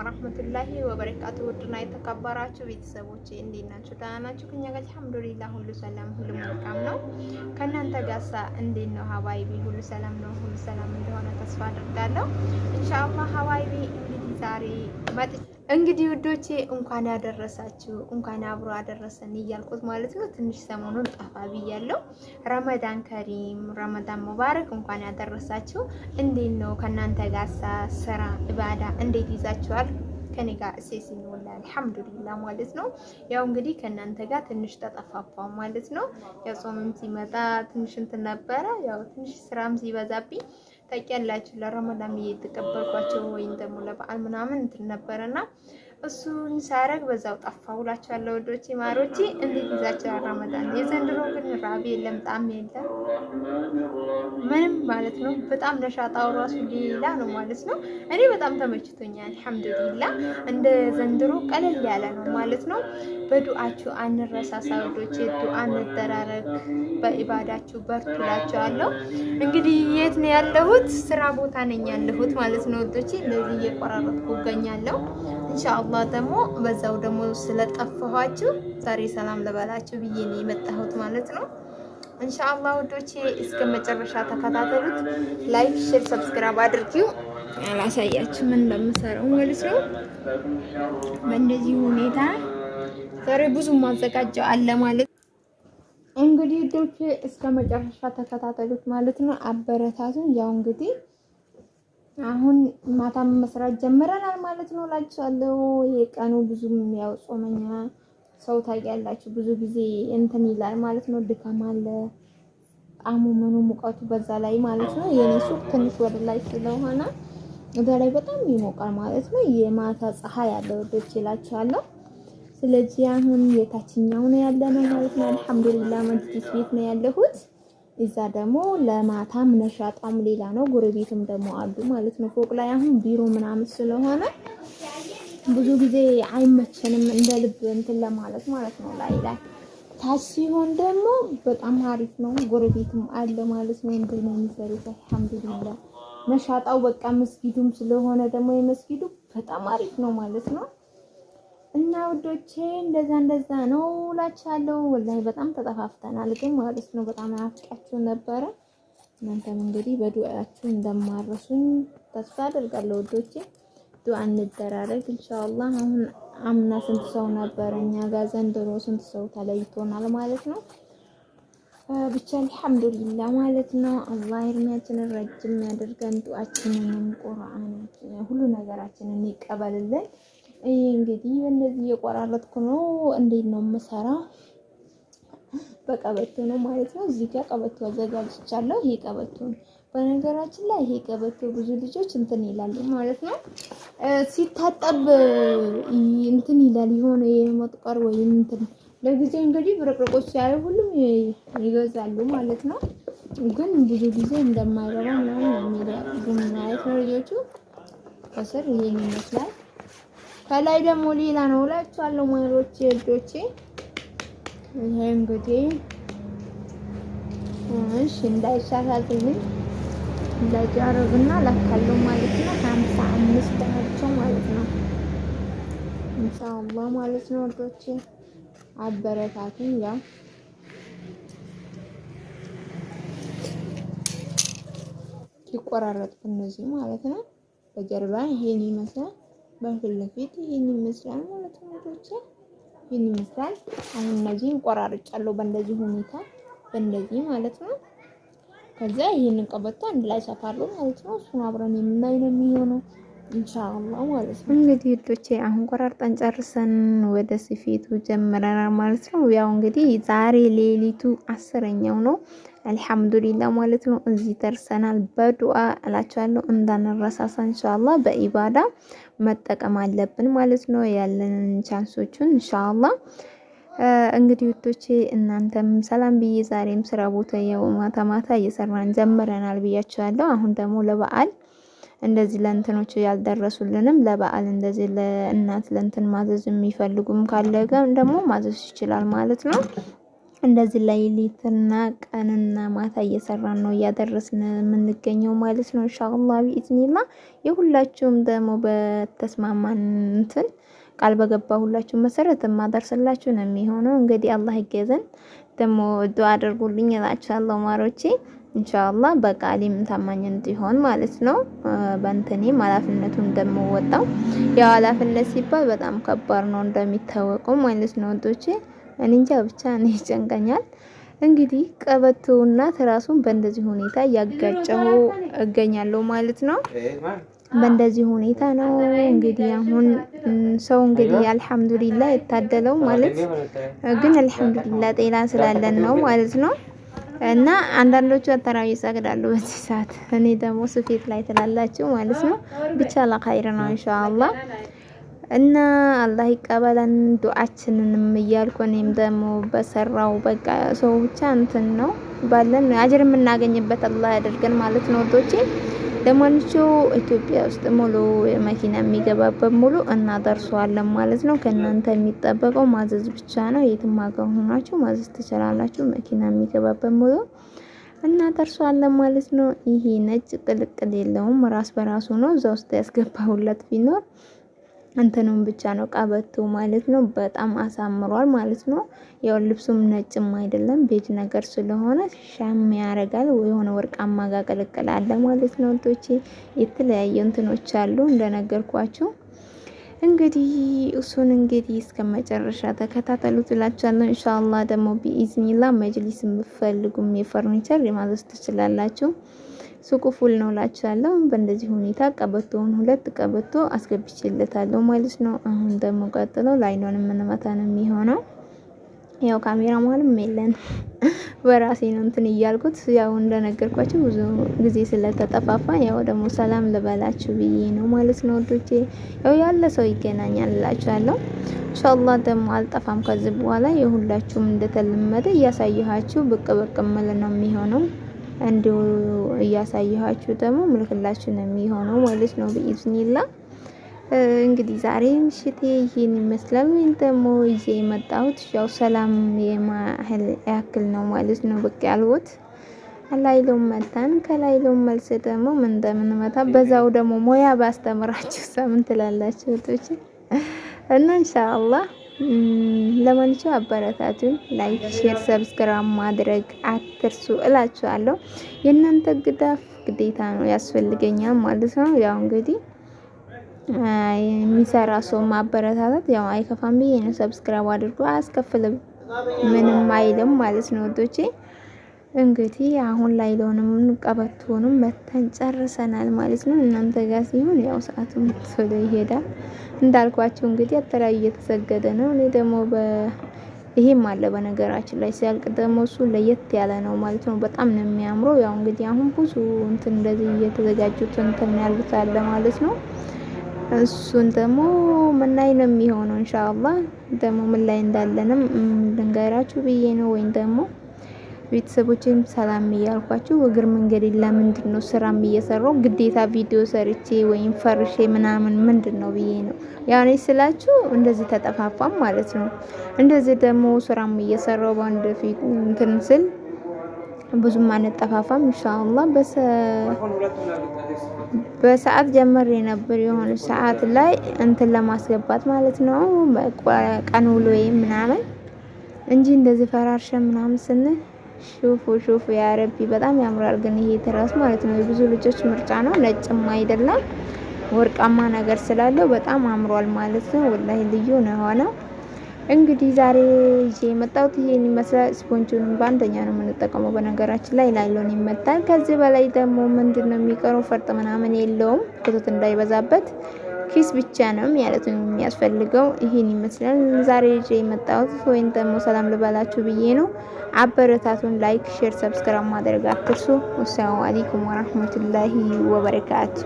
ወራህመቱላሂ ወበረካቱ ውድና የተከበራችሁ ቤተሰቦች እንዴት ናችሁ? ደህና ናችሁ? ከኛ ጋር አልሐምዱሊላህ ሁሉ ሰላም፣ ሁሉ መልካም ነው። ከእናንተ ጋርሳ እንዴት ነው? ሀባይቢ ሁሉ ሰላም ነው? ሁሉ ሰላም እንደሆነ ተስፋ አድርጋለሁ። ኢንሻአላህ ሀባይቢ እንግዲህ ዛሬ መጥቼ እንግዲህ ውዶቼ እንኳን ያደረሳችሁ እንኳን አብሮ አደረሰን እያልኩት ማለት ነው። ትንሽ ሰሞኑን ጠፋ ብያለሁ። ረመዳን ከሪም፣ ረመዳን ሙባረክ። እንኳን ያደረሳችሁ። እንዴት ነው ከእናንተ ጋሳ ስራ እባዳ እንዴት ይዛችኋል? ከኔ ጋር እሴስ ይኖላ አልሐምዱሊላ ማለት ነው። ያው እንግዲህ ከእናንተ ጋር ትንሽ ተጠፋፋ ማለት ነው። ያው ጾምም ሲመጣ ትንሽ እንትን ነበረ። ያው ትንሽ ስራም ሲበዛብኝ ታውቂያላችሁ ለረመዳን የተቀበልኳቸው ወይም ደግሞ ለበዓል ምናምን እንትን ነበረና እሱን ሳረግ በዛው ጠፋ። ሁላችኋለሁ ወዶቼ ማሮቼ፣ እንዴት ይዛችሁ አራመዳን? የዘንድሮ ግን ራብ የለም ጣም የለም ምንም ማለት ነው። በጣም ነሻጣው ራሱ ሌላ ነው ማለት ነው። እኔ በጣም ተመችቶኛል። አልሐምዱሊላ እንደ ዘንድሮ ቀለል ያለ ነው ማለት ነው። በዱአችሁ አንረሳሳ ወዶቼ፣ ዱአ እንደራረግ፣ በኢባዳችሁ በርቱላችኋለሁ። እንግዲህ የት ነው ያለሁት? ስራ ቦታ ነኝ ያለሁት ማለት ነው ወዶቼ። እንደዚህ እየቆራረጥኩ እገኛለሁ ኢንሻአላህ ኢንሻአላህ ደግሞ በዛው ደግሞ ስለጠፋኋችሁ ዛሬ ሰላም ልበላችሁ ብዬ ነው የመጣሁት ማለት ነው። ኢንሻአላህ ወዶቼ እስከ መጨረሻ ተከታተሉት። ላይክ፣ ሼር፣ ሰብስክራይብ አድርጊው። አላሳያችሁ ምን እንደምሰራው ማለት ነው። በእንደዚህ ሁኔታ ዛሬ ብዙ ማዘጋጀው አለ ማለት እንግዲህ ዶቼ እስከ መጨረሻ ተከታተሉት ማለት ነው። አበረታቱን ያው እንግዲህ አሁን ማታ መስራት ጀምረናል ማለት ነው ላችኋለሁ። የቀኑ ብዙም ያው ጾመኛ ሰው ታያላችሁ፣ ብዙ ጊዜ እንትን ይላል ማለት ነው። ድካም አለ ጣሙ ምኑ ሙቀቱ በዛ ላይ ማለት ነው። የነሱ ሱቅ ትንሽ ወደ ላይ ስለሆነ ወደ ላይ በጣም ይሞቃል ማለት ነው። የማታ ፀሐይ አለ ወደች ይላችኋለሁ። ስለዚህ አሁን የታችኛው ነው ያለ ነው ማለት ነው። አልሐምዱሊላህ መጅሊስ ቤት ነው ያለሁት። እዛ ደግሞ ለማታም ነሻጣም ሌላ ነው። ጎረቤትም ደግሞ አሉ ማለት ነው። ፎቅ ላይ አሁን ቢሮ ምናምን ስለሆነ ብዙ ጊዜ አይመቸንም እንደ ልብ እንትን ለማለት ማለት ነው። ላይ ላይ ታች ሲሆን ደግሞ በጣም አሪፍ ነው። ጎረቤትም አለ ማለት ነው። እንደ ነው የሚሰሩት። አልሐምዱሊላህ ነሻጣው በቃ መስጊዱም ስለሆነ ደግሞ የመስጊዱ በጣም አሪፍ ነው ማለት ነው። እና ውዶቼ እንደዛ እንደዛ ነው እላችኋለሁ። ወላሂ በጣም ተጠፋፍተናል፣ ግን ማለት ነው በጣም አፍቃችሁ ነበረ። እናንተም እንግዲህ በዱዓችሁ እንደማረሱኝ ተስፋ አደርጋለሁ ውዶቼ። ዱዓ እንደራረግ ኢንሻአላህ። አሁን አምና ስንት ሰው ነበር እኛ ጋር፣ ዘንድሮ ስንት ሰው ተለይቶናል ማለት ነው። ብቻ አልሐምዱሊላ ማለት ነው። አላህ እድሜያችንን ረጅም ያደርገን፣ ዱዓችንን፣ ቁርአናችንን፣ ሁሉ ነገራችንን ይቀበልልን። ይሄ እንግዲህ እንደዚህ እየቆራረጥኩ ነው። እንዴት ነው የምሰራ? በቀበቶ ነው ማለት ነው። እዚህ ጋር ቀበቶ አዘጋጅቻለሁ። ይሄ ቀበቶ በነገራችን ላይ ይሄ ቀበቶ ብዙ ልጆች እንትን ይላሉ ማለት ነው። ሲታጠብ እንትን ይላል የሆነ የመጥቆር ወይም እንትን ለጊዜው እንግዲህ ብርቅርቆች ያለ ሁሉም ይገዛሉ ማለት ነው። ግን ብዙ ጊዜ እንደማይረባ ምናምን የሚለው ማለት ነው ልጆቹ ከስር ይሄን ይመስላል። ከላይ ደግሞ ሌላ ነው እላችኋለሁ ማሮቼ እጆቼ። ይሄ እንግዲህ እሺ እንዳይሻሻልልኝ እንዳይጃረብና ላካለው ማለት ነው። ሀምሳ አምስት ናቸው ማለት ነው። ኢንሻአላህ ማለት ነው እጆቼ አበረታቱኝ ያው ይቆራረጥ እነዚህ ማለት ነው። በጀርባ ይሄን ይመስላል። በፊት ለፊት ይህን ይመስላል ማለት ነው። ልጆቼ ይህን ይመስላል። አሁን እነዚህን ቆራርጫለሁ በእንደዚህ ሁኔታ በእንደዚህ ማለት ነው። ከዚያ ይህንን ቀበቶ አንድ ላይ ሰፋሉ ማለት ነው። እሱን አብረን የምናይ ነው የሚሆነው ኢንሻአላ ማለት ነው። እንግዲህ ልጆቼ አሁን ቆራርጠን ጨርሰን ወደ ስፌቱ ጀምረናል ማለት ነው። ያው እንግዲህ ዛሬ ሌሊቱ አስረኛው ነው። አልሐምዱሊላ ማለት ነው። እዚህ ደርሰናል። በዱአ እላችኋለሁ እንዳንረሳሳ እንሻላ በኢባዳ መጠቀም አለብን ማለት ነው። ያለንን ቻንሶቹን እንሻላ እንግዲህ ውቶቼ እናንተም ሰላም ብዬ ዛሬም ስራ ቦታ ያው ማታ ማታ እየሰራን ጀምረናል ብያችኋለሁ። አሁን ደግሞ ለበዓል እንደዚህ ለእንትኖች ያልደረሱልንም ለበዓል እንደዚህ ለእናት ለእንትን ማዘዝ የሚፈልጉም ካለ ደግሞ ማዘዝ ይችላል ማለት ነው። እንደዚህ ላይ ሌትና ቀንና ማታ እየሰራን ነው እያደረስን የምንገኘው ማለት ነው። እንሻአላ ቢኢዝኒላ የሁላችሁም ደግሞ በተስማማን እንትን ቃል በገባ ሁላችሁም መሰረት የማደርስላችሁ ነው የሚሆነው። እንግዲህ አላህ ይገዘን ደግሞ ዱአ አድርጉልኝ እላችኋለሁ ማሮቼ። እንሻአላ በቃሊም ታማኝ እንዲሆን ማለት ነው። በእንትኔ ኃላፊነቱን ደግሞ ወጣው። ያው ኃላፊነት ሲባል በጣም ከባድ ነው እንደሚታወቀው ማለት ነው ወንዶቼ እንጃ ብቻ እኔ ይጨንቀኛል። እንግዲህ ቀበቶውና ትራሱን በእንደዚህ ሁኔታ እያጋጨሁ እገኛለሁ ማለት ነው። በእንደዚህ ሁኔታ ነው እንግዲህ አሁን ሰው እንግዲህ አልሐምዱሊላ የታደለው ማለት ግን አልሐምዱሊላ ጤና ስላለን ነው ማለት ነው። እና አንዳንዶቹ አተራዊ ይሰግዳሉ በዚህ ሰዓት፣ እኔ ደግሞ ስፌት ላይ ትላላችሁ ማለት ነው። ብቻ ለኸይር ነው ኢንሻአላህ። እና አላህ ይቀበለን ዱዓችንንም እያልኩ እኔም ደግሞ በሰራው በቃ ሰው ብቻ እንትን ነው ባለን አጅር የምናገኝበት አላህ ያደርገን ማለት ነው ወዶቼ። ለማንኛው ኢትዮጵያ ውስጥ ሙሉ መኪና የሚገባበት ሙሉ እናደርሰዋለን ማለት ነው። ከእናንተ የሚጠበቀው ማዘዝ ብቻ ነው። የትም ሀገር ሆናችሁ ማዘዝ ትችላላችሁ። መኪና የሚገባበት ሙሉ እናደርሰዋለን ማለት ነው። ይሄ ነጭ ቅልቅል የለውም፣ ራስ በራሱ ነው። እዛ ውስጥ ያስገባሁለት ቢኖር እንትኑም ብቻ ነው ቀበቶ ማለት ነው። በጣም አሳምሯል ማለት ነው። ያው ልብሱም ነጭም አይደለም ቤጅ ነገር ስለሆነ ሻም ያረጋል የሆነ ወርቃማ ጋር ቅልቅል አለ ማለት ነው። ልጆቼ የተለያየ እንትኖች አሉ እንደነገርኳችሁ እንግዲህ እሱን እንግዲህ እስከ መጨረሻ ተከታተሉት እላችኋለሁ። ኢንሻአላህ ደግሞ ቢኢዝኒላ መጅሊስ የምትፈልጉም የፈርኒቸር የማዘዝ ትችላላችሁ። ሱቁ ፉል ነው ላችኋለሁ። በእንደዚህ ሁኔታ ቀበቶውን ሁለት ቀበቶ አስገብቼለታለሁ ማለት ነው። አሁን ደግሞ ቀጥሎ ላይኖን የምንመታ ነው የሚሆነው። ያው ካሜራ ማለም የለን በራሴ ነው እንትን እያልኩት ያው እንደነገርኳቸው ብዙ ጊዜ ስለተጠፋፋ ያው ደግሞ ሰላም ልበላችሁ ብዬ ነው ማለት ነው ወዶቼ። ያው ያለ ሰው ይገናኛል እላችኋለሁ። ኢንሻአላህ ደግሞ አልጠፋም ከዚህ በኋላ የሁላችሁም እንደተለመደ እያሳየኋችሁ ብቅ ብቅ ምል ነው የሚሆነው። እንዲ እያሳየኋችሁ ደግሞ ምልክላችሁ ነው የሚሆነው ማለት ነው በኢዝኒላ። እንግዲህ ዛሬ ምሽቴ ይህን ይመስላል። ወይም ደግሞ ይዤ የመጣሁት ያው ሰላም የማህል ያክል ነው ማለት ነው ብቅ ያልሁት ከላይ ሎም መታን ከላይ ሎም መልስ ደግሞ ምን እንደምንመታ በዛው ደግሞ ሞያ ባስተምራችሁ ሰምን ትላላችሁ እህቶች እና ኢንሻአላህ ለማንኛውም አበረታቱን። ላይክ፣ ሼር፣ ሰብስክራይብ ማድረግ አትርሱ እላችኋለሁ። የእናንተ ግዳፍ ግዴታ ነው ያስፈልገኛል ማለት ነው። ያው እንግዲህ የሚሰራ ሰው ማበረታታት ያው አይከፋም ብዬ ነው። ሰብስክራይብ አድርጎ አያስከፍልም ምንም አይልም ማለት ነው ወዶቼ እንግዲህ አሁን ላይ ላይሎንም ቀበቶንም መተን ጨርሰናል ማለት ነው። እናንተ ጋር ሲሆን ያው ሰዓቱ ቶሎ ይሄዳል እንዳልኳቸው እንግዲህ አተላይ እየተሰገደ ነው። እኔ ደግሞ ይሄም አለ በነገራችን ላይ ሲያልቅ ደግሞ እሱ ለየት ያለ ነው ማለት ነው። በጣም ነው የሚያምረው። ያው እንግዲህ አሁን ብዙ እንትን እንደዚህ እየተዘጋጁት እንትን ያሉት አለ ማለት ነው። እሱን ደግሞ ምን ላይ ነው የሚሆነው ኢንሻአላህ ደግሞ ምን ላይ እንዳለንም ልንገራችሁ ብዬ ነው ወይም ደግሞ ቤተሰቦቼም ሰላም እያልኳችሁ እግር መንገድ ለምንድን ነው ስራም እየሰራው ግዴታ ቪዲዮ ሰርቼ ወይም ፈርሼ ምናምን ምንድን ነው ብዬ ነው ያኔ ስላችሁ እንደዚህ ተጠፋፋም ማለት ነው። እንደዚህ ደግሞ ስራም እየሰራው በአንድ ፊት እንትን ስል ብዙም አንጠፋፋም። እንሻአላ በሰዓት ጀመሬ ነበር የሆነ ሰዓት ላይ እንትን ለማስገባት ማለት ነው ቀን ወይም ምናምን እንጂ እንደዚህ ፈራርሸ ምናምን ስንል ሹፉ ሹፉ ያረቢ በጣም ያምራል። ግን ይሄ ትራስ ማለት ነው የብዙ ልጆች ምርጫ ነው። ነጭም አይደለም ወርቃማ ነገር ስላለው በጣም አምሯል ማለት ነው። ወላሂ ልዩ ነው የሆነው። እንግዲህ ዛሬ ይዤ የመጣሁት ይሄን ይመስላል። ስፖንጁንም በአንደኛ ነው የምንጠቀመው። በነገራችን ላይ ላይሎን ይመታል። ከዚህ በላይ ደግሞ ምንድን ነው የሚቀረው? ፈርጥ ምናምን የለውም፣ ክቶት እንዳይበዛበት ኪስ ብቻ ነው ማለት ነው የሚያስፈልገው። ይሄን ይመስላል ዛሬ ልጅ የመጣሁት ወይም ደግሞ ሰላም ልበላችሁ ብዬ ነው። አበረታቱን። ላይክ፣ ሼር፣ ሰብስክራይብ ማድረግ አትርሱ። ወሰላሙ አለይኩም ወራህመቱላሂ ወበረካቱ